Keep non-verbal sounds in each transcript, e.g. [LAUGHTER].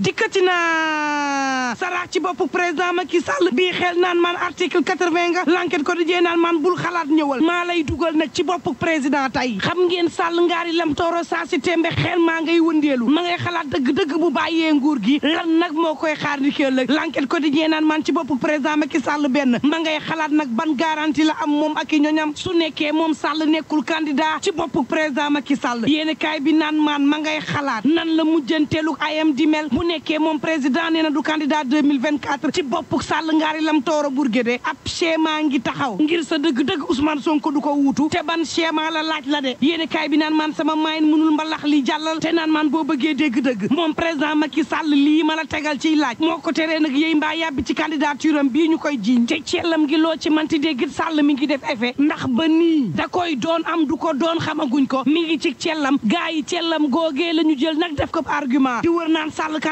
dikkati naa saraax ci bopp président Macky Sall bii xel naan man article quatre-vingt nga l'enquête quotidien naan man bul xalaat ñëwal maa lay dugal nag ci bopp président tey xam ngeen Sall ngaari lam tooro saa si tembe xel maa ngi wëndeelu ma ngay xalaat dëgg-dëgg bu bàyyee nguur gi lan nag moo koy xaar ni kéel l'enquête quotidien naan man ci bopp président Macky sal benn ma ngay xalaat nag ban garantie la am moom ak i ñoñam su nekkee moom Sall nekkul candidat ci bopp président Macky Sall yéen bi naan man ma ngay xalaat nan la mujjanteelu ayam di nekkee moom président nee na du candidat 2024 ci bopp Sall ngaari lam tooro Bourguédé ab schéma ngi taxaw ngir sa dëgg-dëgg Ousmane Sonko du ko wuutu te ban schéma la laaj la de yéen kaay bi naan man sama maayin mënul mbalax li jàllal te naan man boo bëggee dégg-dëgg moom président Macky Sall lii ma la tegal ciy laaj moo ko teree nag yéy mbaa yàbbi ci candidature am bi ñu koy jiiñ te cellam gi loo ci man manti déggit Sall mi ngi def effet ndax ba nii da koy doon am du ko doon xamaguñ ko mi ngi ci cellam gaa yi cellam googee la ñu jël nag def ko argument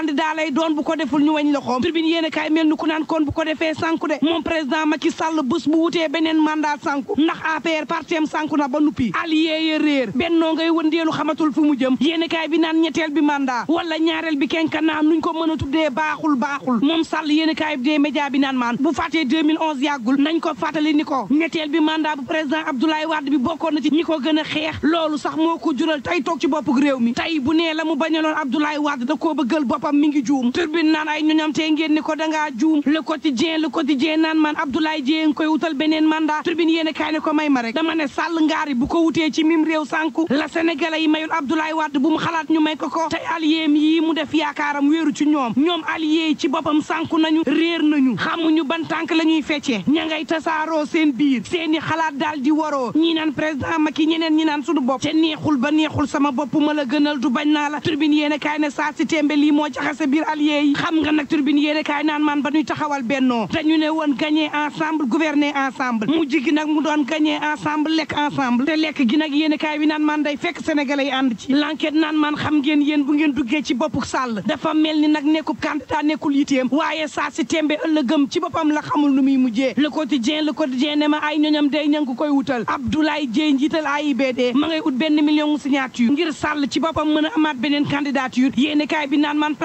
candidat lay doon bu ko deful ñu wañ loxoom tribune yéene kaay mel ni ku naan kon bu ko defee sànku de moom président Macky Sall bés bu wutee beneen mandat sànku ndax APR partem sànku na ba nuppi allié ya réer bennoo ngay wëndeelu xamatul fu mu jëm yenn kaay bi naan ñetteel bi mandat wala ñaareel bi kenkana nuñ ko mën a tuddee baaxul baaxul moom Sall yéene kaay bi dee média bi naan maan bu fàttee 2011 yàggul nañ ko fàttali ni ko ñetteel bi mandat bu président Abdoulaye Wade bi bokkoon na ci ñi ko gën a xeex loolu sax moo ko jural tey ci bopp réew mi tey bu nee la mu bañaloon Abdoulaye Wade da koo bëggal bopp boppam mi ngi juum turbine naan ay ñoñam tey ngeen ko dangaa juum le quotidien le quotidien naan man Abdoulaye Dieye ngi koy wutal beneen mandat turbine yéen a kaay ne ko may ma rek dama ne sàll ngaari bu ko wutee ci mim réew sànku la sénégalais yi mayul Abdoulaye Wade bu mu xalaat ñu may ko ko tey alliéem yi mu def yaakaaram wéeru ci ñoom ñoom allié ci boppam sànku nañu réer nañu ñu ban tànk la ñuy feccee ña ngay tasaaroo seen biir seeni xalaat daal di waroo ñi naan président Macky ñeneen ñi naan suñu bopp te neexul ba neexul sama bopp ma la gënal du bañ la turbine a kaay ne saa jaxase biir allié xam nga nag turbine yéene kaay naan maan ba ñuy taxawal bennoo te ñu ne woon gagner ensemble gouverner ensemble mu jigi nag mu doon gagner ensemble lekk ensemble te lekk gi nag yéene kaay bi naan maan day fekk sénégalais yi ànd ci l'enquête naan maan xam ngeen yéen bu ngeen duggee ci boppu sàll dafa mel ni nag nekkub candidat nekkul yiteem waaye saa si tembe ëllëgëm ci boppam la xamul nu muy mujjee le quotidien le quotidien ne ma ay ñoñam day ña ngi koy wutal Abdoulaye Dieye njiital AIBD ma ngay ut benn million signature ngir sàll ci boppam mën a amaat beneen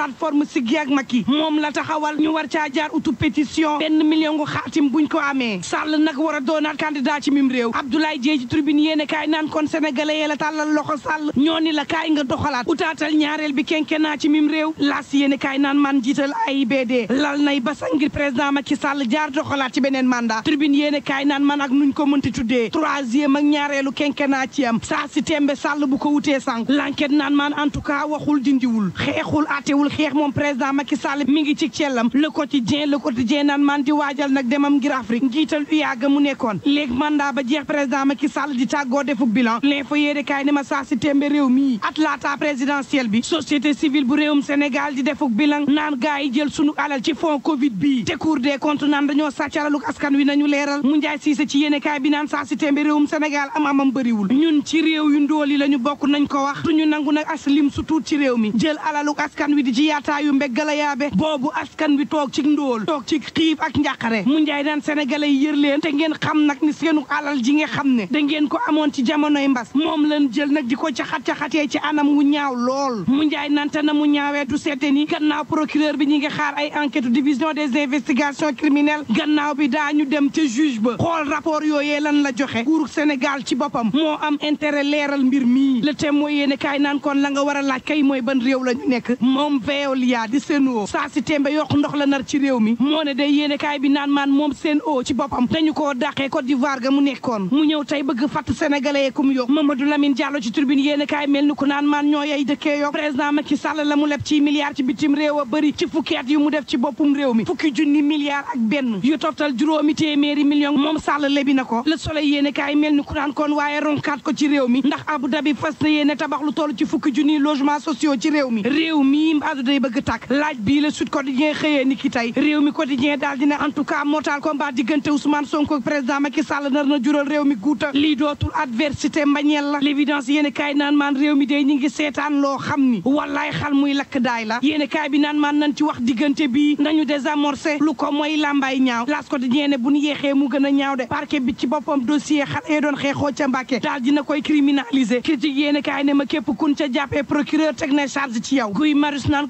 plateforme Siggi ak Macky moom la taxawal ñu war caa jaar utu pétition benn million ngu xaatim buñ ko amee Sall nag war a doonaat candidat ci mim réew Abdoulaye Dieye ci tribune yéene kaay naan kon sénégalais yee la tàllal loxo Sall ñoo la kaay nga doxalaat utaatal ñaareel bi kenkenaa ci mim réew laas yéene kaay naan man jiital AIBD lal nay basa ngir président Macky Sall jaar doxalaat ci beneen mandat tribune yéene kaay naan man ak ko mënti tuddee troisième ak ñaareelu kenkenaa ci am saa si tembe Sall bu ko wutee sànq l'enquête naan maan en tout cas waxul dindiwul xeexul atewul xeex moom président Macky Sall mi ngi ci cellam le quotidien le quotidien naan man di waajal nag demam ngir Afrique njiital UYAG mu nekkoon man daa ba jeex président Macky Sall di taggoo defuk bilan l'info yéene kaay ne ma saa si témbe réew mii at laata présidentielle bi société civile bu réewum Sénégal di defuk bilan naan gaa yi jël sunu alal ci fond Covid bii te cour des comptes naan dañoo sàccaralu askan wi nañu leeral mu njaay siise ci yéene kaay bi naan saa si témbe réewum Sénégal am amam bëriwul ñun ci réew yu ndóol yi la ñu bokk nañ ko wax tuñu nangu nag aslim su tuut ci réew mi jël yu yaataayu mbéggalayaabe boobu askan wi toog ci ndóol toog ci xiif ak njaxare mu njaay naan sénégalais yi yër leen te ngeen xam nag ni seenu alal ji nga xam ne da ngeen ko amoon ci jamonoy mbas moom leen jël nag di ko caxat-caxatee ci anam wu ñaaw lool mu njaay naan te na mu ñaawee du seete ni gannaaw procureur bi ñu ngi xaar ay enquête division des investigations criminelles gannaaw bi daañu dem ca juge ba xool rapport yooyee lan la joxe nguuru Sénégal ci boppam moo am intérêt leeral mbir mii le thème mooy yéene kaay naan la nga war a laaj mooy ban réew la ñu Veolia di Sen'Eau saa si tembe yokk ndox la nar ci réew mi moo day yéene kaay bi naan maan moom Sen'Eau ci boppam dañu koo dàqee Côte d'Ivoire ga mu nekkoon mu ñëw tey bëgg fatt sénégalais ku mu yokk Mamadou Lamine Diallo ci tribune yéene kaay mel ni ku naan maan ñoo yay dëkkee yokk président Macky Sall la mu leb ci milliards ci bitim réew a bëri ci fukki at yu mu def ci boppum réew mi fukki junni milliar ak benn yu toftal juróomi téeméeri million moom Sall lebi na ko Le Soleil yéene kaay mel ni ku naan koon waaye ronkaat ko ci réew mi ndax Abu Dhabi fas na yéene tabax lu ci fukki junni logements sociaux ci réew mi réew day bëgg tàkk laaj bii la Sud Quotidien xëyee ni ki tey réew mi Quotidien daal dina en tout cas mortal combat diggante Ousmane Sonko président Macky Sall nar na jural réew mi guuta lii dootul adversité mbañeel la l'évidence yéen kaay naan maan réew mi day ñi ngi seetaan loo xam ni wallaay xal muy lakk daay la yéen kaay bi naan maan nañ ci wax diggante bii nañu désamorcé lu ko mooy làmbaay ñaaw L'As Quotidien ne bu ñu yeexee mu gën a ñaaw de parquet bi ci boppam dossier xal ca Mbàkke daal dina koy criminaliser critique yéen kaay ma képp kun ca jàppee procureur teg na charge ci yow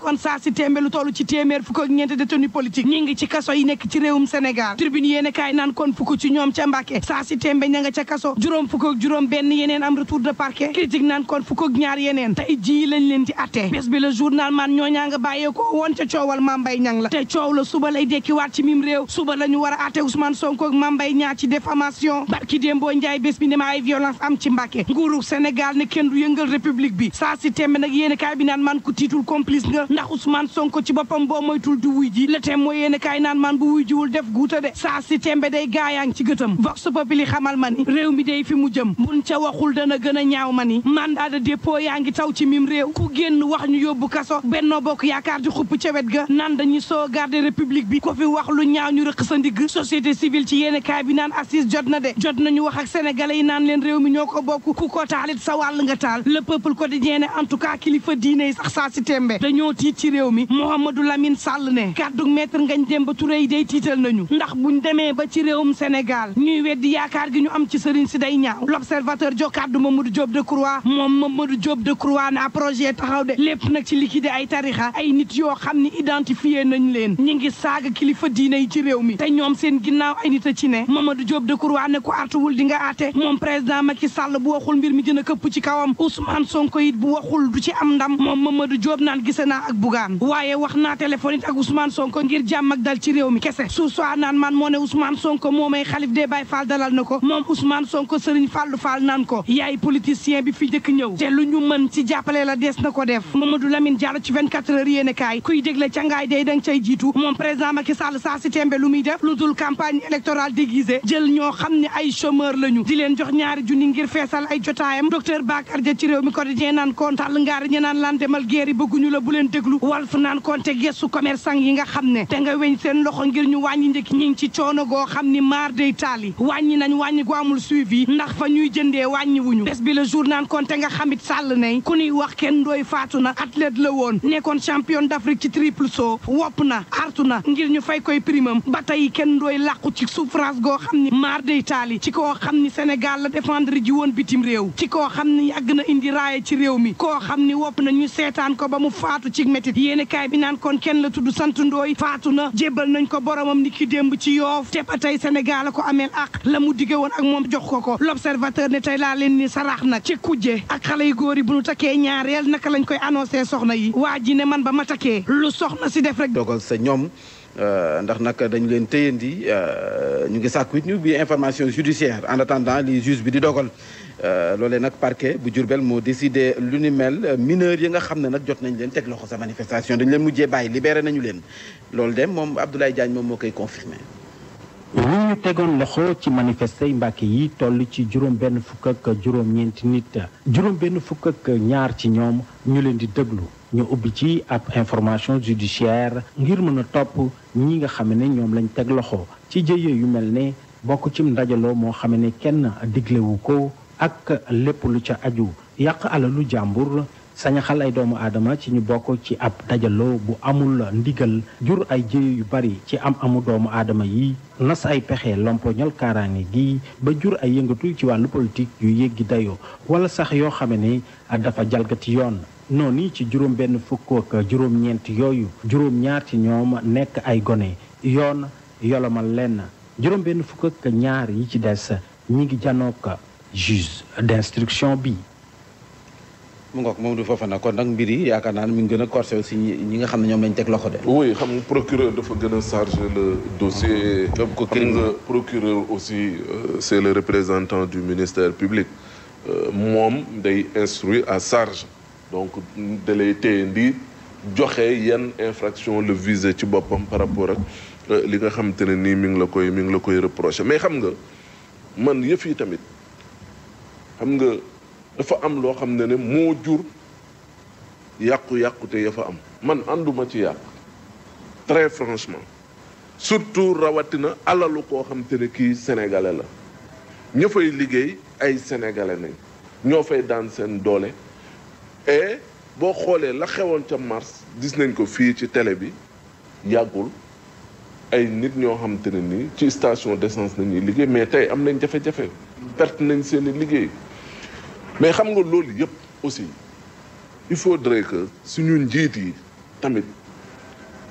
nekkoon saa si téeméer lu toll ci téeméer fukk ak ñeenti détenu politique ngi ci kaso yi nekk ci réewum Sénégal tribune yéen kaay naan kon fukk ci ñoom ca Mbàkke saa si téeméer ña nga ca kaso juróom fukk juróom benn yeneen am retour de parquet critique naan kon fukk ñaar yeneen tey jii lañ leen di attee bés bi le journal man ñoo ñaa nga bàyyee ko woon ca coowal Mambay Ñang la te coow la suba lay dekkiwaat ci mim réew suba la ñu war a atte Ousmane Sonko ak Mambay Ñaang ci diffamation barki Dembo Njaay bés ma am ci Mbàkke nguuru Sénégal ne kenn du yëngal république bi saa si téeméer nag naan man ku tiitul complice la ndax Ousmane Sonko ci boppam boo moytul di wuy ji le tem mooy yéen kaay naan man bu wuy jiwul def guuta de saa si tembe day gaayaa ngi ci gëtam vox populi xamal ma ni réew mi day fi mu jëm buñ ca waxul dana gën a ñaaw ma ni mandat de dépôt yaa ngi taw ci mim réew ku génn wax ñu yóbbu kaso bennoo bokk yaakaar di xupp ca wet ga nan dañuy soo garder république bi ko fi wax lu ñaaw ñu rëq sa ndigg société civile ci yéen kaay bi naan assise jot na de jot nañu wax ak sénégalais yi naan leen réew mi ñoo ko bokk ku ko taalit sa wàll nga taal le peuple quotidien en tout cas kilifa diine yi sax saa si tembe dañoo tiit ci réew mi Mouhamadou Lamine sàll ne kàddug maître Ngagne Demba Touré yi dey tiital nañu ndax buñ demee ba ci réewum Sénégal ñuy weddi yaakaar gi ñu am ci sëriñ si day ñaaw l'observateur jo kàddu Mamadou Diop Decroix moom Mamadou Diop Decroix na projet taxaw de lépp nag ci liquider ay tarixa ay nit yoo xam ni identifié nañ leen ñu ngi saaga kilifa diine yi ci réew mi te ñoom seen ginnaaw ay nit a ci ne Mamadou Diop Decroix ne ko artuwul di nga àtte moom président Macky Sall bu waxul mbir mi dina këpp ci kawam Ousmane Sonko it bu waxul du ci am ndam moom Mamadou Diop naan gise naa ak Bougane waaye wax naa téléphone it ak Ousmane Sonko ngir jàmm ak dal ci réew mi kese su soi naan man moo ne Ousmane Sonko moomay xalif dee Baye Fall dalal na ko moom Ousmane Sonko Serigne Fallou Fall naan ko yaay politicien bi fi jëkk ñëw te lu ñu mën ci jàppale la dees na ko def Mamadou Lamine Diallo ci 24 heures yéene kaay kuy dégle cangaay day danga cay jiitu moom président Macky Sall saa tembe lu muy def lu dul campagne électorale déguisée jël ñoo xam ne ay chômeur lañu di leen jox ñaari junni ngir feesal ay jotaayam docteur Bakar Dia ci réew mi quotidien naan kontal ngaari ñe naan lan demal guerre la bu leen déglu Walf naan konte gestu commerçant yi nga xam ne te nga weñ seen loxo ngir ñu wàññi njëkk ñi ngi ci coono goo xam ni maar day taal wàññi nañu wàññi gu amul suivi ndax fa ñuy jëndee wàññi wuñu bés bi le jour naan konte nga xamit sàll ne ku ñuy wax kenn dooy faatu na athlète la woon nekkoon champion d'Afrique ci triple saut wopp na artu na ngir ñu fay koy primam ba tey kenn dooy làqu ci souffrance goo xam ni maar day taal ci koo xam ni senegal la défendre ji woon bitim réew ci koo xam ni yàgg na indi ci réew mi ci métit yéene kaay bi naan kon kenn la tudd sant ndooy faatu na jébbal nañ ko boromam ni ki démb ci yoof te ba tey Sénégal ko ameel ak la mu dige woon ak moom jox ko ko l'observateur ne tey laa leen ni saraax nag ci kujje ak xale yu góor yi bu nu takkee ñaareel naka lañ koy annoncé soxna yi waa ji ne man ba ma takkee lu soxna si def rek dogal sa ñoom euh, ndax nag dañu leen téyandi euh, ñu ngi sàkku it ñu bi information judiciaire en attendant li juge bi di dogal Euh, loolee nag parquet bu Diourbel moo décidé lu ni mel euh, mineur yi nga xam ne nag jot nañ leen teg loxo sa manifestation dañ leen mujjee bàyyi libéré nañu leen loolu de moom Abdoulaye Diagne moom moo koy confirmé. ñi ñu tegoon loxo ci manifester Mbàkke yi toll ci juróom benn fukk ak juróom ñeenti nit juróom benn fukk ak ñaar ci ñoom ñu leen di déglu ñu ubbi ci ak information judiciaire ngir mën a topp ñi nga xam ne ñoom lañ teg loxo ci jëye yu mel ne bokk ci ndajaloo moo xam ne kenn diglewu ko ak lépp lu ca aju yàq alalu jàmbur sañ xal ay doomu aadama ci ñu bokk ci ab dajaloo bu amul ndigal jur ay jéy yu bari ci am amu doomu aadama yi nas ay pexe lompoñal kaaraange gi ba jur ay yëngatu ci wàllu politique yu yéggi dayoo wala sax yoo xame ne dafa jalgati yoon noonu ci juróom benn fukk juróom-ñeent yooyu juróom-ñaar ci ñoom nekk ay gone yoon yolomal lenn juróom benn fukk ak ñaar yi ci des ñi ngi janook juge d'instruction bi. mu ngoog foofa Fofana kon nag mbir yi yaakaar naa ne mu ngi gën a corsé aussi ñi nga xam ne ñoom lañ teg loxo de. oui xam nga procureur dafa gën a chargé le dossier. donc ah, ko xam nga procureur aussi euh, c'est le représentant du ministère public. Euh, moom day instruit à charge donc da lay téye ndi joxe yan infraction le visé ci boppam par rapport ak euh, li nga xam te ne nii mi ngi la koy mi ngi la mais xam nga man yëf yi tamit. xam nga dafa am loo xam ne ne moo jur yàqu yàqute te ya fa am man ànduma ci yàq très franchement surtout rawatina alalu koo xam te ne kii sénégalais la ña fay liggéey ay sénégalais nañ ñoo fay daan seen doole et boo xoolee la xewoon ca mars gis nañ ko fii ci tele bi yàggul ay nit ñoo xam te ne nii ci station d'essence nañuy liggéey mais tey am nañ jafe-jafe perte nañ seeni liggéey mais xam nga loolu yëpp aussi il faut faudrait que suñu njiit yi tamit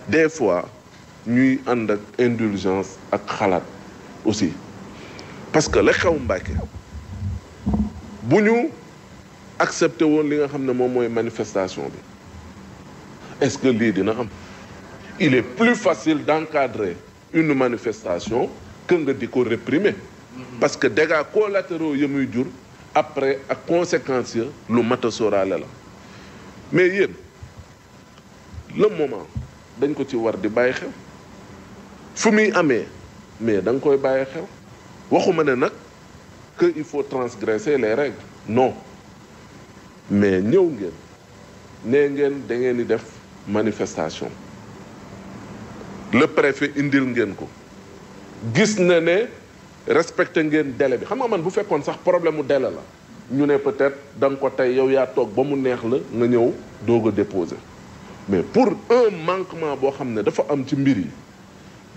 des fois ñuy ànd ak indulgence ak xalaat aussi parce que la xew Mbàkke bu ñu accepté woon li nga xam ne moom mooy manifestation bi est-ce que lii dina am il est plus facile d'encadrer une manifestation que nga di ko réprimer parce que dégâts collatéraux ya muy jur après ak conséquences ya lu mat la mais yéen le moment dañ ko ci war di bàyyi xel fu muy amee mais da nga koy bàyyi xel waxuma ne nag que il faut transgresser lee règles non mais ñëw ngeen nee ngeen da ngeen di def manifestation le préfet indil ngeen ko gis na ne respecté ngeen délai bi xam nga man bu fekkoon sax problème mu délai la ñu ne peut-être da ko tey yow yaa toog ba mu neex la nga ñëw doog a déposé mais pour un manquement boo xam ne dafa am ci mbir yi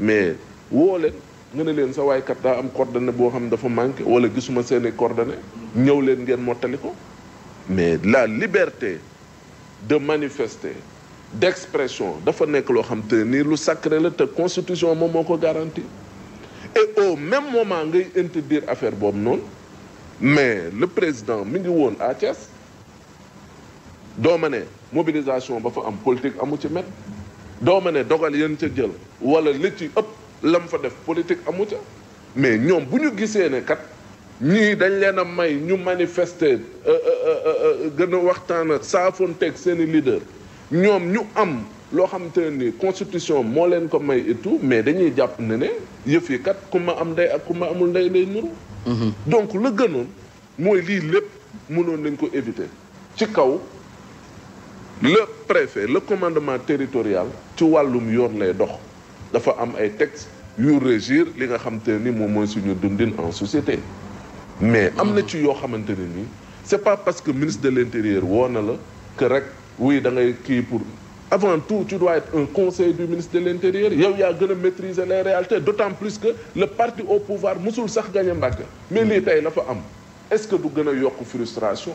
mais woo leen nga ne leen sa waay kat daa am coordonnée boo xam ne dafa manqué wala gisuma seeni coordonnées ñëw leen ngeen mottali ko mais la liberté de manifester d'expression dafa nekk loo xam te nii lu sacré la te constitution moom moo ko garantie et au même moment ngay interdire affaire boobu noonu mais le président mi ngi woon à Thiès doo ma ne mobilisation ba fa am politique amu ci met doo ma dogal yéen ca jël wala li ci ëpp lam fa def politique amu ca mais ñoom bu ñu gisee ne kat ñii dañ leen a may ñu manifester euh, euh, euh, gën a waxtaan ak saafoonteeg seen i leader ñoom ñu am loo xam te ni constitution moo leen ko may et tout mais dañuy jàpp ne ne yëf yi kat ku ma am ndey ak ku ma amul ndey lay nuru mhm. donc la gënoon mooy lii lépp mënoon nañ ko éviter ci kaw le préfet le commandement territorial ci wàllum yoon lay dox dafa am ay textes yu régir li nga xam te ni moom mooy suñu dundin en société mais am na mhm. ci yoo xamante ne nii c'est pas parce que ministre de l'intérieur woo na la que rek oui da ngay kii pour avant tout tu dois être un conseiller du ministre de l'intérieur yow yaa gën a maîtriser les réalités d'autant plus que le parti au pouvoir mosul sax gañe mbàgg mais lii tey la fa am est-ce que du gën a yokk frustration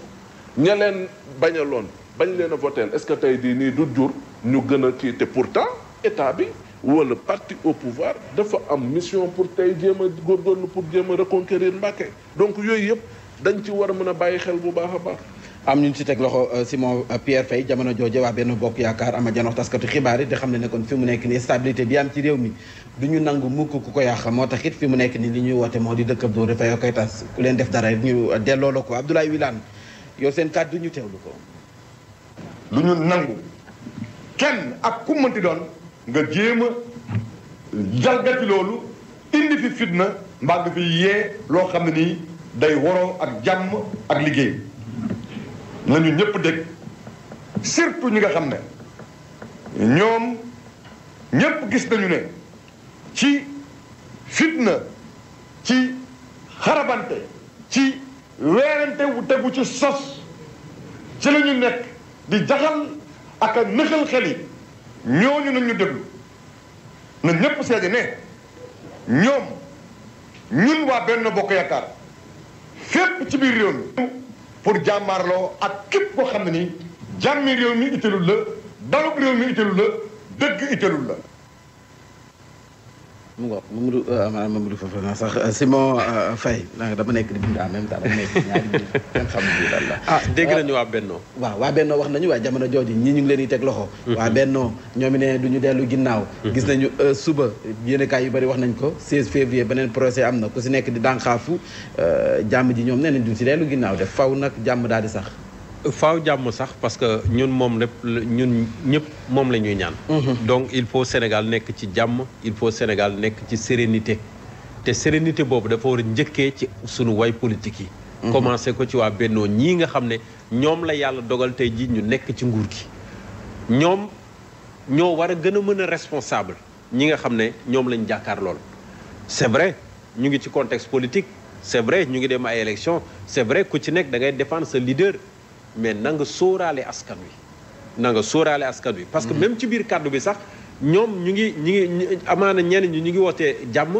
ña leen bañaloon bañ leen a voté est-ce que tey di nii du jur ñu gën a kii te pourtant état bi wala parti au pouvoir dafa am mission pour tey jéem a góorgóorlu pour jéem a reconquérir Mbacké donc yooyu yëpp dañ ci war a mën a bàyyi xel bu baax a baax am ñu si teg loxo euh, Simon euh, Pierre Faye jamono jooje waa benn bokk yaakaar ama janox taskatu xibaar yi di xam ne ne kon fi mu nekk ni stabilité bi am ci réew mi du ñu nangu mukk ku ko yàq moo tax it fi mu nekk ni li ñuy moo di dëkkab dóor dafay koy tas ku leen def dara ñu delloo la ko Abdoulaye Wilane yow seen kàddu ñu teewlu ko. lu ñu nangu kenn ak ku doon nga jéem jalgati loolu indi fi fitna mbaa bi fi yee loo xam ne nii day waroo ak jàmm ak liggéey. na ñu ñëpp dégg surtout ñi nga xam ne ñoom ñëpp gis nañu ne ci fitna ci xarabante ci weerante wu tegu ci sos ci la ñu nekk di jaxal ak a nëxal xel yi ñooñu nañu déglu na ñëpp seede ne ñoom ñun waa benn bokk yaakaar fépp ci biir réew pour jàmmaarloo ak képp koo xam ne nii jàmmi réew mi itteelul la dalub réew mi itteelul la dëgg itteelul la mu ngoog Mamadou euh, maanaam Mamadou Fofana sax euh, Simon euh, Faye dama nekk di bind en même dama nekk ñaari bind alhamdulilah. ah dégg nañu waa Bennoo. waaw waa Bennoo wax nañu waaye jamono jooju ñii ñu ngi leen di teg loxo. Mhm. waa Bennoo ñoom ne du ñu dellu ginnaaw. Mhm. gis nañu suba yéenekaay yu bari wax nañ ko 16 beneen procès am na ku si nekk di dànqaafu jàmm ji ñoom nee nañ du si dellu ginnaaw def faw nag jàmm daal di sax. faw jàmm sax parce que ñun moom lépp ñun ñëpp moom la ñuy ñaan. Mhm. donc il faut Sénégal nekk ci jàmm il faut Sénégal nekk ci sérénité te sérénité boobu dafa war njëkkee ci sunu way politique yi. Mhm. commencé ko ci waa Bennoo ñii nga xam ne ñoom la yàlla dogal tey ji ñu nekk ci nguur gi ñoom ñoo war a gën a mën a responsable ñi nga xam ne ñoom lañ jàkkaar lool c'est vrai ñu ngi ci contexte politique c'est vrai ñu ngi dem ay élection c'est vrai ku ci nekk da ngay défendre sa leader. mais nanga nga askan wi na nga sóoraale askan wi parce que mm-hmm. même ci biir kàddu bi sax ñoom ñu ngi ñu ngi amaana ñenn ñi ñu ngi waxtee jàmm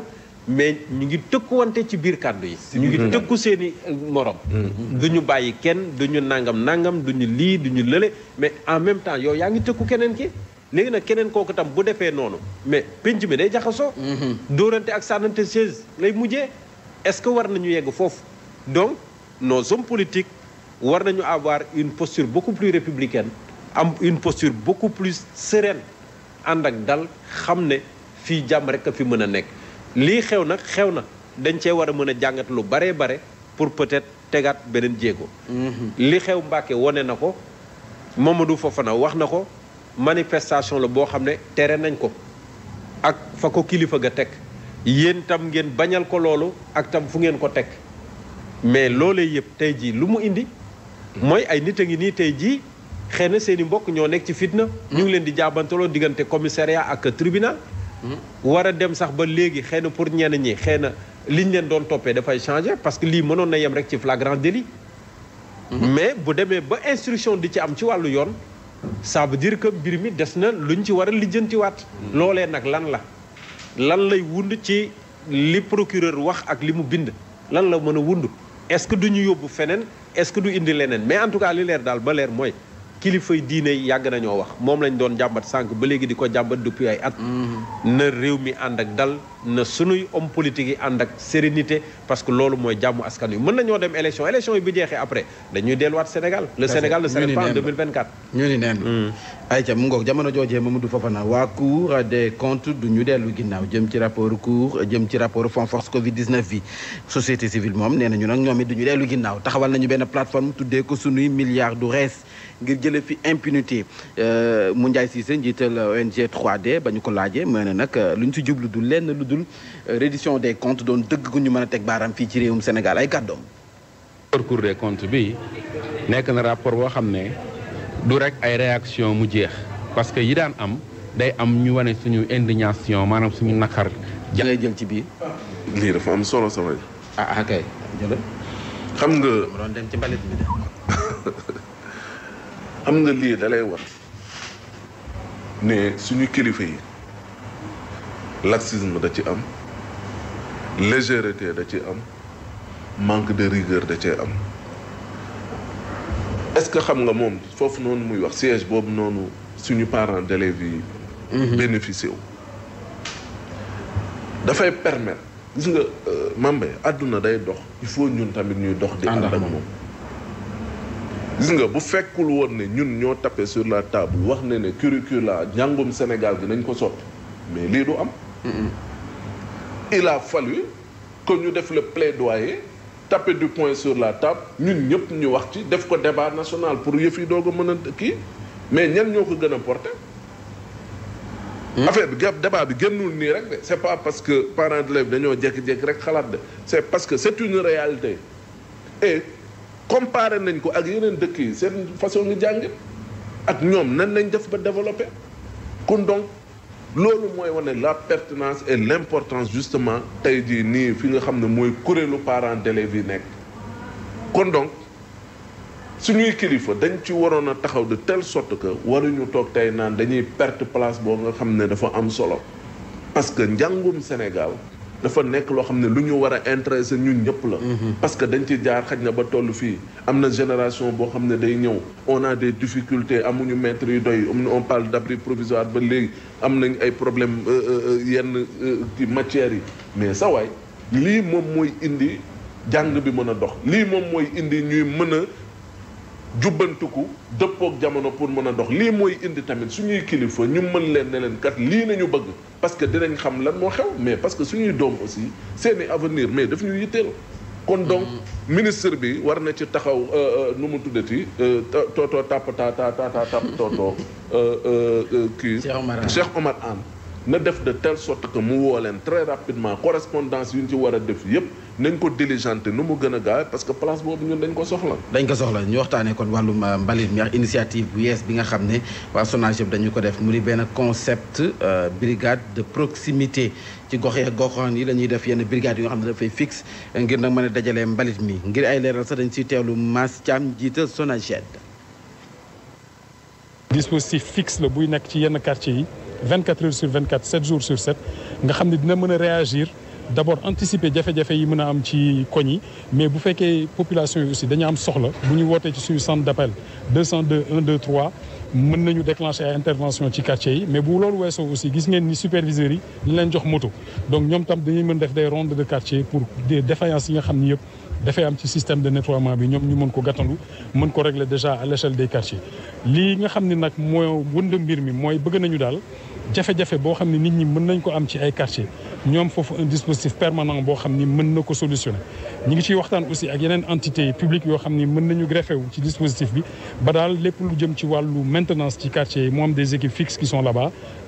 mais ñu ngi tëkkuwante ci biir kàddu yi ñu ngi tëkku seen i morom mm-hmm. du ñu bàyyi kenn du ñu nangam nangam du ñu lii du ñu lële mais en même temps yow yaa ngi tëkku keneen ki léegi nag keneen kooku tam bu defee noonu mais penc mi day jaxasoo mm-hmm. dóorante ak sànnante chaise lay mujjee est-ce que war nañu yegg foofu donc nos hommes war nañu avoir une posture beaucoup plus républicaine am une posture beaucoup plus sereine ànd ak dal xam ne fii jàmm rek a fi mën a nekk lii xew nag xew na dañ cee war a mën a jàngat lu baree bare pour peut-être tegaat beneen jéego mhm. li xew Mbàkke wane na ko Mamadou na wax na ko manifestation la boo xam ne tere nañ ko ak fa ko kilifa ga teg yéen tam ngeen bañal ko loolu ak tam fu ngeen ko teg mais loolee yëpp tey jii lu mu indi mooy ay nit a ngi nii tey jii xëy na seen i mbokk ñoo nekk ci fitna. Mm. ñu ngi leen di jaabantaloo diggante commissariat ak tribinal mm. war a dem sax ba léegi xëy na pour ñenn ñi xëy na liñ leen doon toppee dafay changer parce que lii mënoon na yem rek ci flagrant délit. Mm-hmm. mais bu demee ba instruction di ci am ci wàllu yoon. ça veut dire mbir mi des na lu ñu ci war a lijjantiwaat. Mm. loolee nag lan la. lan lay wund ci li procureur wax ak li mu bind. lan la mën a wund est-ce que duñu yóbbu feneen. es ce que du indi leneen mais en li leer daal ba leer mooy kilifay diine yi yàgg nañoo wax moom lañ doon jàmbat sànq ba léegi di ko jàmbat depuis ay at. Mm-hmm. na réew mi ànd ak dal na sunuy homme politique yi ànd ak sérénité parce que loolu mooy jàmm askan wi mën nañoo dem élection élection yi bi jeexee après dañuy delluwaat Sénégal. le Sénégal ne s'arrête pas en 2024. ñu ni neen mm. ayca mu ngoog jamono joojee Mamadou Fofana waa Cour des comptes du ñu dellu ginnaaw jëm ci rapport Cour jëm ci rapport Fonds Force Covid 19 bi société civile moom nee na nag ñoom it du ñu dellu ginnaaw taxawal nañu benn plateforme tuddee ko sunuy milliards du rees. ngir jëlee fi impunité euh, mu Ndiaye Cissé njiital ONG 3D ba ñu ko laajee mu ne nag euh, lu ñu ci jublu du lenn lu dul euh, reddition des comptes doon dëgg gu ñu mën a teg baaraam fii ci réewum Sénégal ay kàddoom. Cour des comptes bi nekk na rapport boo xam ne du rek ay réaction mu jeex parce que yi daan am day am ñu wane suñu indignation maanaam suñu naqar. ngay jël ci biir. lii dafa am solo sama ah, ah kay. xam nga. dem ci mbalit mi [LAUGHS] am nga lii dalay war ne suñu kilifa yi laxisme da ci am légèreté da ci am manque de rigueur da cee am est-ce que xam nga moom foofu noonu muy wax siège boobu noonu suñu parents d'élèves yi mhm. bénéficié wu dafay permettre gis nga euh, yi àdduna day dox il faut ñun tamit ñuy dox di ànd moom gis nga bu fekkul woon ne ñun ñoo tapé sur la table wax ne ne curricula njàngum Sénégal gi nañ ko soppi mais lii du am. il a fallu que ñu def le plaidoyer tapé du point sur la table ñun ñëpp ñu wax ci def ko débat national pour yëf yi doog a mën a kii mais ñan ñoo ko gën a porté. Mm. affaire bi débat bi génnul nii rek de est pas parce que parents d'élèves dañoo jékki-jékki rek xalaat de c' parce que c' est une réalité comparé nañ ko ak yeneen dëkk yi seen façon ngi jàng ak ñoom nan lañ def ba développé kon donc loolu mooy wane la pertinence et l'importance justement tey jii nii fi nga xam ne mooy kuréelu parents d'élèves bi nekk kon donc suñuy kilifa dañ ci waroon a taxaw de telle sorte que waruñu toog tey naan dañuy perte place boo nga xam ne dafa am solo parce que njàngum Sénégal dafa nekk loo xam ne lu ñu war a intéresser ñun ñëpp la mhm. parce que dañ ci jaar xaj na ba toll fii am na génération boo xam ne day ñëw on a des difficultés amuñu maître yu doy on parle d'abri provisoire ba léegi am nañ ay problème euh, euh, euh, yenn ci matières yi mais sa waay lii moom mooy indi jàng bi mën a dox lii moom mooy indi ñuy mën a jubbantiku dëppook jamono pour mën a dox lii mooy indi tamit suñuy kilifa ñu mën leen ne leen kat lii nañu bëgg parce que dinañ xam lan moo xew mais parce que suñuy doom aussi seeni avenir mais daf ñu yitteel kon donc ministre bi war na ci taxaw nu mu tuddati toto tap ta ta ta tap toto kii Cheikh Omar Anne na def de telle sorte que mu woo leen très rapidement correspondance yu ñu ci war a def yëpp nañ ko diligente nu mu gën a gaaw parce que place boobu ñun dañ ko soxla. dañ ko soxla ñu waxtaanee kon wàllum euh, mbalit mi ak initiative bu yees bi nga xam ne waa SONAGED dañu ko def mu di benn concept euh, brigade de proximité ci gox yeeg yi dañuy def yenn brigade yi nga xam ne dafay fixe ngir nag mën dajale dajalee mbalit mi ngir ay leeral sax dañ ciy teelu Mass Thiam jiital SONAGED. dispositif fixe la buy ci yenn quartier yi. 24 heures sur 24 7 jours sur 7 nga xam ne dina mën a réagir d'abord anticiper jafe-jafe yi mën a am ci koñ yi mais bu fekkee population yi aussi dañu am soxla bu ñu wootee ci suñu centre d'appel 202 123 mën nañu déclencher ay intervention ci quartier yi mais bu loolu weesoo aussi gis ngeen ni superviseurs yi dañ leen jox moto donc ñoom tam dañuy mën def des rondes de quartier pour des défaillances yi nga xam ni yëpp dafay am ci système de nettoiement bi ñoom ñu mën ko gàttandu mën ko régler déjà à l'échelle des quartiers lii nga xam ne nag moo wënd mbir mi mooy bëgg nañu daal jafe-jafe boo xam ne nit ñi mën nañ ko am ci ay quartier ñoom foofu un dispositif permanent boo xam ni mën na ko solution ñi ngi ciy waxtaan aussi ak yeneen entité publique yoo xam ni mën nañu greffé wu ci dispositif bi ba daal lépp lu jëm ci wàllu maintenance ci quartier yi moo am des équipes fixes qui sont là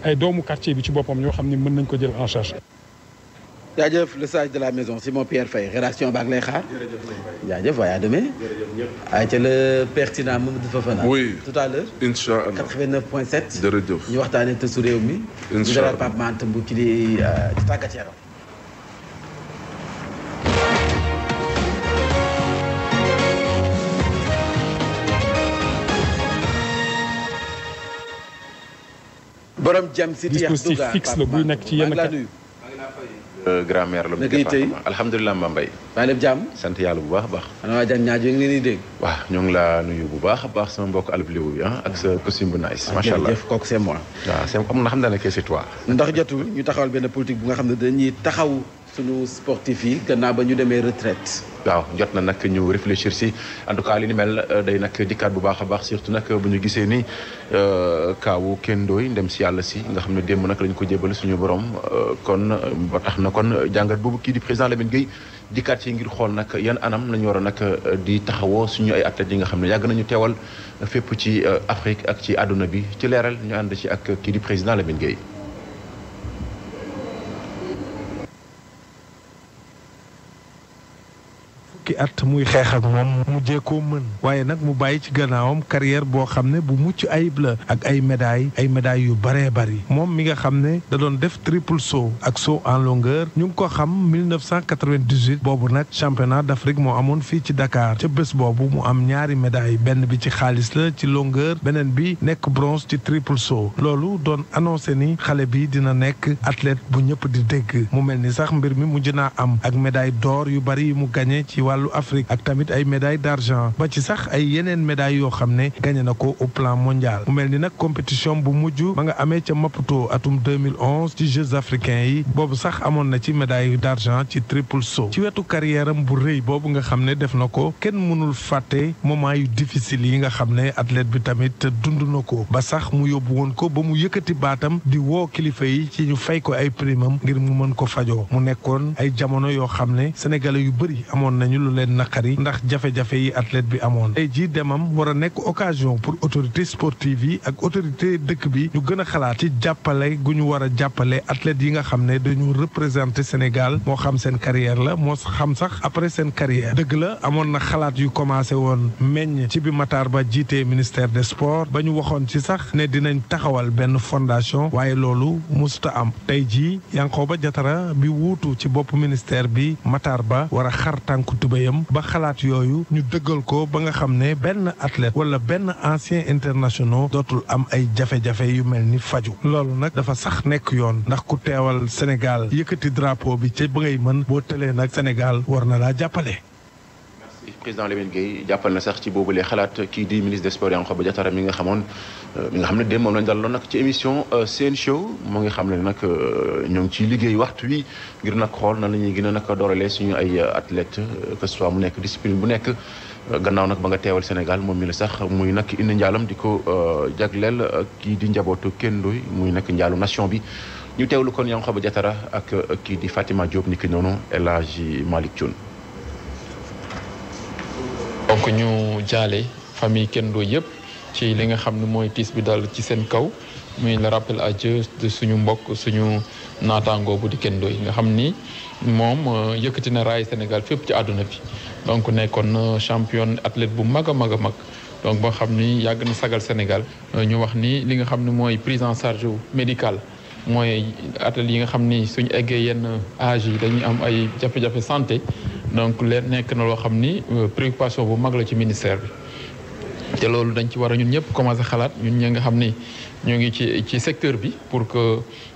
ay doomu quartier bi ci boppam ñoo xam ni mën nañ ko en charge jaajëf le sage de la maison Simon Pierre Faye rédaction baak lay xaar. jërëjëf Faye jaajëf waaye à demain. jërëjëf ñëpp. ayca le pertinent Mamadou Fofana. oui tout à l'heure incha allah 89 point 7. jërëjëf ñu waxtaanee te su réew mi. incha allah ñu dalal Pape Mante bu ci di euh, ci tàggat yaram. borom jàmm si. diagnostic fixe la buy nekk ci yenn grammaire la. naka tey alhamdulilah Mbambey. maa ngi jàmm. sant yàlla bu baax a baax. man waa Diagne Ndiaye ñu ngi leen di dégg. waaw nuyu bu baax a baax sama mbokk Alioune Léwu bi ah, ak sa costume bu nice. Ah, macha allah jërëjëf kooku c'est moi. waaw c'est am na xam naa ne que ndax jotul ñu taxawal benn politique bu nga xam ne dañuy taxaw suñu sportif yi gannaaw ba ñu demee retraite waaw jot na nag ñu réfléchir si en tout cas li ni mel euh, day nag dikkaat bu baax a baax surtout nag bu ñu gisee ni euh, kaawu kendooy ndem si yàlla si nga xam ne démb nag lañu ko jébal suñu borom euh, kon ba tax na kon jàngat boobu kii di président Lamine Gueye dikkaat si ngir xool nag yan anam la ñu war a nag di taxawoo suñu ay athlètes yi nga xam ne yàgg nañu teewal fépp ci Afrique ak ci àdduna bi ci leeral ñu ànd ci ak kii di président Lamine Gueye fukki at muy xeex ak moom mu mujjee mën waaye nag mu bàyyi ci gannaawam carrière boo xam ne bu mucc ayib la ak ay médailles ay médailles yu bëree bari moom mi nga xam ne da doon def triple saut ak saut en longueur ñu ngi ko xam 1998 boobu nag championnat d'Afrique moo amoon fii ci Dakar ca bés boobu mu am ñaari médailles benn bi ci xaalis la ci longueur beneen bi nekk bronze ci triple saut loolu doon annoncé ni xale bi dina nekk athlète bu ñëpp di dégg mu mel ni sax mbir mi mujj naa am ak médaille mu wàllu Afrique ak tamit ay médaille d'argent ba ci sax ay yeneen médailles yoo xam ne gagné na ko au plan mondial mu mel ni nag compétition bu mujj ma nga amee ca Maputo atum 2011 ci Jeux africains yi boobu sax amoon na ci médaille d'argent ci triple saut ci wetu carrière bu rëy boobu nga xam ne def na ko kenn mënul fàtte moment yu difficile yi nga xam ne athlète bi tamit dund na ko ba sax mu yóbbu woon ko ba mu yëkkati baatam di woo kilifa yi ci ñu fay ko ay primam ngir mu mën ko fajoo mu nekkoon ay jamono yoo xam ne sénégalais lu leen naqari ndax jafe-jafe yi athlète bi amoon tey jii demam war a nekk occasion pour autorité sportive yi ak autorité dëkk bi ñu gën a xalaat ci jàppale gu ñu war a jàppale athlètes yi nga xam ne dañu représenter Sénégal moo xam seen carrière la moo xam sax après seen carrière dëgg la amoon na xalaat yu commencé woon meññ ci bi Matar Ba jiitee ministère de sport ba ñu waxoon ci sax ne dinañ taxawal benn fondation waaye loolu musuta am tey jii Yankhoba Diattara bi ci bopp ministère bi ba xalaat yooyu ñu dëggal ko ba nga xam ne benn athlète wala benn ancien international dootul am ay jafe-jafe yu mel ni faju loolu nag dafa sax nekk yoon ndax ku teewal Sénégal yëkkati drapeau bi ca ba ngay mën boo tëlee nag Sénégal war na laa jàppale président Lamine Gueye jàppal na sax ci boobu le xalaat kii di ministre des sports Yankhoba Diattara mi nga xamoon euh, mi nga xam ne démb moom lañ daloon nag ci émission euh, seen mu ngi xam ne nag euh, ñoo ngi ciy liggéey waxtu wi ngir nag xool na la ñuy gën a nag dooralee suñu ay athlète que ce soit mu nekk discipline bu nekk gannaaw nag ba nga teewal Sénégal moom mi sax muy nag indi njaalam di ko jagleel kii di njabootu kenn duy muy nag njaalu nation bi ñu teewlu kon Yankhoba Diattara ak kii di Fatima Diop ni noonu El Hadji Malick ko ñu jaale famille Kendo yëpp ci li nga xam ne mooy tiis bi dal ci seen kaw muy le rappel à Dieu suñu mbokk suñu naataangoo bu di Kendo yi nga xam ni moom euh, yëkkati na raay Sénégal fépp ci àdduna bi donc nekkoon championne athlète bu mag a mag a mag donc boo xam ni yàgg na sagal Sénégal euh, ñu wax ni li nga xam ne mooy prise en charge médical mooy athlètes yi nga xam ni suñu eggee yenn age yi dañuy am ay jafe-jafe santé donc leen nekk na loo xam ni euh, préoccupation bu mag la ci ministère bi. te loolu dañ ci war ñun ñëpp commencé xalaat ñun ñi nga xam ni ñoo ngi ci ci secteur bi pour que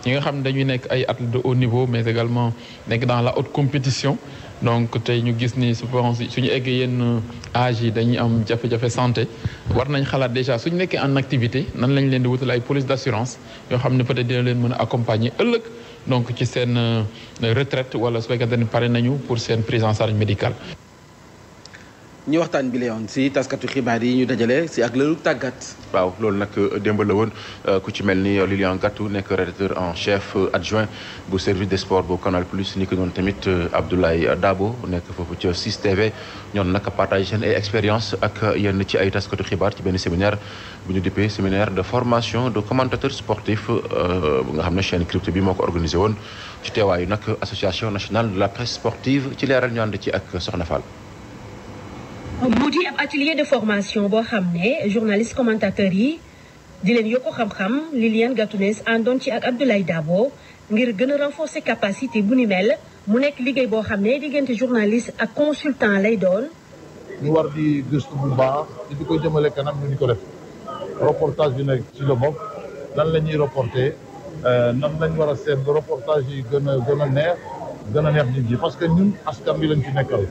ñi nga xam ne dañuy nekk ay athlètes de haut niveau mais également nekk dans la haute compétition. donc tey ñu gis ni souvent suñu eggee yenn âge yi dañuy am jafe-jafe santé war nañ xalaat déjà suñu nekkee en activité nan lañ leen di wutal ay police d'assurance yoo xam ne peut leen mën a accompagner ëllëg. donc ci seen euh, retraite wala su fekkente ni pare nañu pour seen prise en charge médicale ñu waxtaan bi la yoon si taskatu xibaar yi ñu dajale si ak lëlu tàggat. waaw loolu nag euh, démb woon euh, ku ci mel ni euh, Lilian Gatou nekk rédacteur en chef adjoint bu service des sports bu Canal Plus ni ko noonu tamit Abdoulaye Dabo nekk foofu ci 6 TV ñoon nag partagé seen expérience ak yenn ci ay taskatu xibaar ci benn séminaire bu ñu dippee séminaire de formation de commentateur sportif bu nga xam ne chaîne crypto bi moo ko organisé woon ci teewaayu nag association nationale de la presse sportive ci leeral ñu ànd ci ak Soxna mu di ab atelier de formation boo xam ne journaliste commentateur yi di leen yokk xam-xam Liliane Gatounès àndoon ci ak Abdoulaye Dabo ngir gën a renforcer capacité bu ni mel mu nekk liggéey boo xam ne diggante journaliste ak consultant lay doon. ñu war di gëstu bu baax te di ko jëmale kanam ñu di ko def reportage bi nag ci la bokk lan la ñuy reporter euh, nan lañ war a seet reportage yi gën a gën a neex gën neex nit ñi parce que ñun askan bi lañ ci nekkal.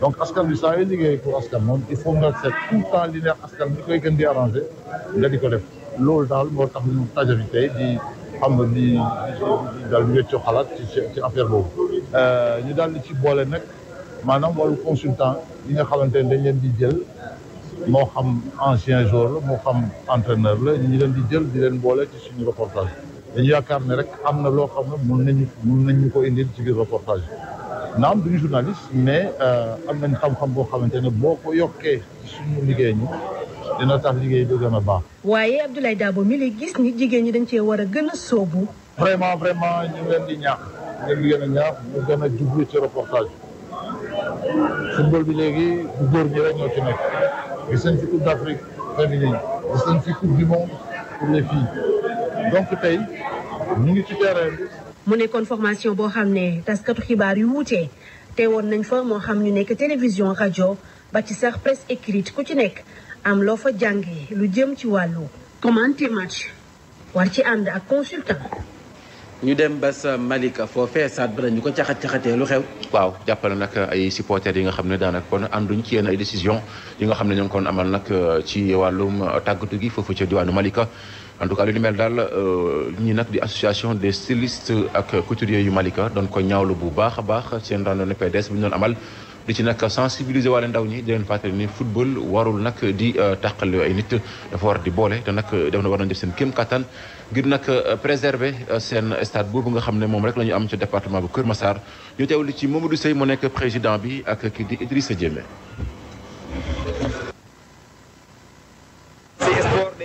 donc askan bi saa yoo liggéey pour askan moom i faut nga seet tout le li neex askan bi koy gën di arrangé nga di ko def loolu daal moo tax ñu tajabi tey di xam nga di dal di wéccoo xalaat ci ci affaire boobu euh, ñu daal di ci boole nag maanaam wàllu consultant yi nga xamante ne dañ leen di jël moo xam ancien joueur la moo xam entraîneur la ñu leen di jël di leen boole ci suñu reportage dañu yaakaar ne rek am na loo xam ne mun nañu mun nañu ko indi ci biir reportage naam duñu journaliste mais euh, am nañ xam boo xamante ne boo ko yokkee suñu liggéey ñi dina tax liggéey bi gën a baax. waaye Abdoulaye Dabo mi lay ni jigéen ñi dañ cee war a gën a sóobu. vraiment vraiment ñu ngi leen di ñaax ñu ngi leen a jublu ci reportage football bi léegi bu góor ñi rek ñoo ci nekk gis nañ fi coupe d'Afrique féminine gis fi donc tey ñu ngi ci terrain bi. mu nekkoon formation boo xam ne taskatu xibaar yu wuute woon nañ fa moo xam ñu nekk télévision rajo ba ci sax presse écrite ku ci nekk am loo fa jànge lu jëm ci wàllu commenter match war ci ànd ak consultant ñu dem ba sa Malika foofee saat bala ñu ko caxat caxatee lu xew. waaw jàppale nag ay supporters yi nga xam ne daanaka kon ànduñ ci yenn ay décision yi nga xam ne ñoo ngi koon amal nag euh, ci wàllum euh, tàggatu gi foofu ci diwaanu Malika. en tout cas lu ni mel daal euh, ñi nag di association des stylistes ak couturiers yu Malika doon ko ñaawlu bu baax a baax seen randonnée PDS bu ñu doon amal di ci nag sensibiliser waale ndaw ñi di leen fàttali ni football warul nag di euh, tàqal ay nit dafa war di boole te nag def na war nañ def seen kéem kattan ngir nag euh, préserver seen stade boobu nga xam ne moom rek la ñu am ci département bu Kër Massar ñu teewlu ci Mamadou Seye mu nekk président bi ak kii di Idrissa Diémé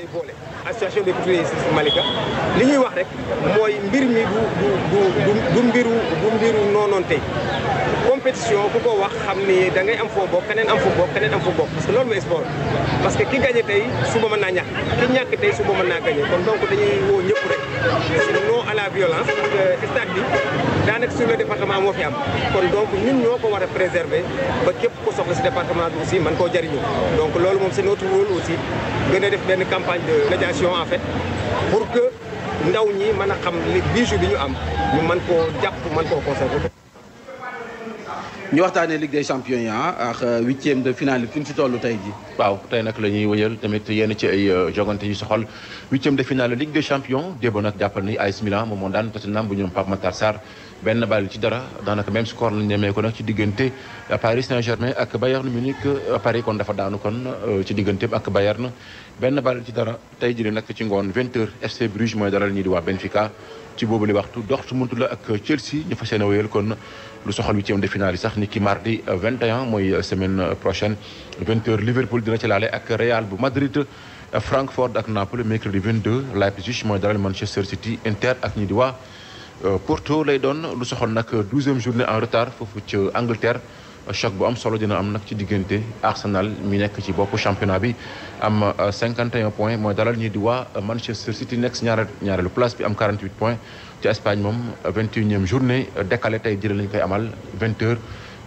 lay boole association des couturiers Malika li ñuy wax rek mooy mbir mi du du du mbiru du mbiru noonoonte compétition ku ko wax xam ni da am foo bokk keneen am foo bokk keneen am foo bokk parce que loolu mooy sport parce que ki gagné tey suba mën naa ñàkk ki ñàkk tey suba mën naa gagné kon donc dañuy woo ñëpp rek non à la violence stade bi daanaka sur le département moo fi am kon donc ñun ñoo ko war a préserver ba képp ko soxla si département bi aussi man koo jariñoo donc loolu moom si notre rôle aussi gën a def benn campagne de médiation en fait pour que ndaw ñi mën a xam li bijou bi ñu am ñu mën koo jàpp man koo conserver ñu waxtaanee Ligue des champions yi ah, ak euh, huitième de finale fi mu si toll tey jii. waaw tey nag la ñuy wëyal tamit yenn ci ay euh, jogante yu soxal huitième de finale Ligue des champions déggoo nag jàppal ni AS Milan moom moo daan Tottenham bu ñoom Pape Matar Sarr. benn bal ci dara daanaka même score lañ demee ko nag ci diggante Paris Saint-Germain ak Bayern Munich Paris kon dafa daanu kon euh, ci digganteem ak Bayern benn bal ci dara tey jii nak ci ngoon 20h FC Bruges mooy dalal ñii di waa Benfica ci boobu li waxtu Dortmund la ak Chelsea ñu fas yéene wéyal kon lu soxal huitième de finale sax ni ki mardi 21 mooy semaine prochaine 20h Liverpool dina ci laale ak Real bu Madrid. Francfort ak Naples mercredi 22 d mooy dalal Manchester di waa. Euh, Porto lay doon lu soxal nag douzième journée en retard foofu ci Angleterre choc bu am solo dina am nag ci diggante Arsenal mi nekk ci boppu championnat bi am 51 euh, points mooy dalal ñi di waa Manchester City nekk si ñaareelu place bi am 48 points ci Espagne moom 21e journée euh, décalé tey jëlee lañ koy amal 20h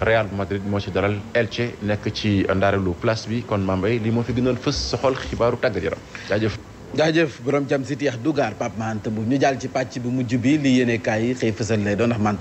Real Madrid moo ci dalal Elche nekk ci ndaareelu place bi kon Mambay lii moo fi gënoon fës soxal xibaaru tàggat yaram jaajëf. jaajëf borom jam siti yax dugaar Pape Mahanta bu ñu jàll ci pàcc bu mujj bi li yéene kaay yi xëy fësal lay doon ndax